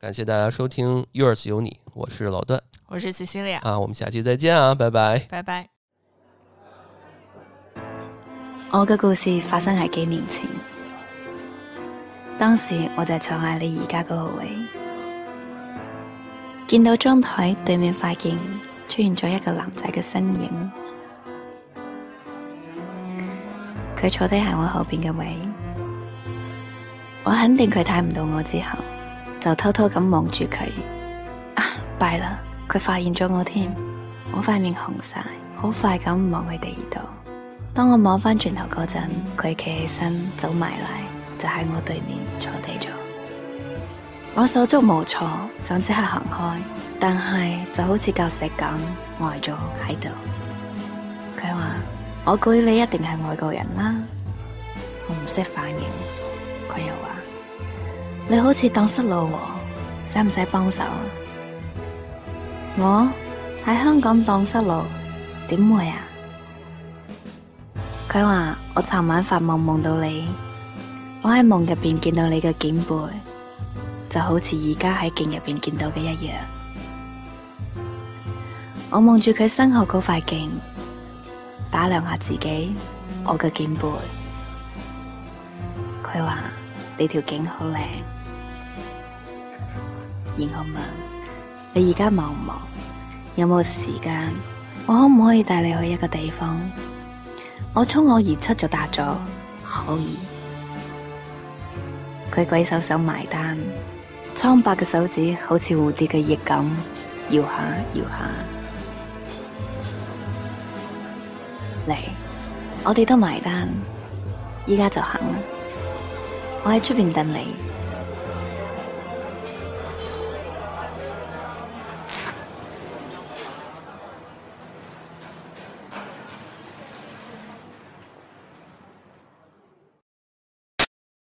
感謝大家收聽《Yours 有你》，我是老段，我是 Cecilia 啊，我們下期再見啊，拜拜，拜拜。我嘅故事發生喺幾年前，當時我就坐喺你而家嗰個位，見到張台對面發現出現咗一個男仔嘅身影，佢坐低喺我後邊嘅位，我肯定佢睇唔到我之後。就偷偷咁望住佢，啊，弊喇！佢發現咗我添，我塊面紅晒，好快咁望佢哋度。當我望返轉頭嗰陣，佢企起身走埋嚟，就喺我對面坐地坐。我手足無措，想即刻行開，但係就好似舊石咁呆咗喺度。佢話：「我估你一定係外國人啦。」我唔識反應。佢又話。你好似蕩失路喔，使唔使幫手？我喺香港蕩失路，點會啊？佢話，我尋晚發夢夢到你，我喺夢入邊見到你嘅頸背，就好似而家喺鏡入邊見到嘅一樣。我望住佢身後嗰塊鏡，打量下自己，我嘅頸背。佢話，你條頸好靚。然後問你而家忙唔忙，有冇時間？我可唔可以帶你去一個地方？我衝我而出就答咗：「可以。佢鬼手想埋單，蒼白嘅手指好似蝴蝶嘅翼咁搖下搖下。嚟，我哋都埋單，依家就行啦。我喺出邊等你。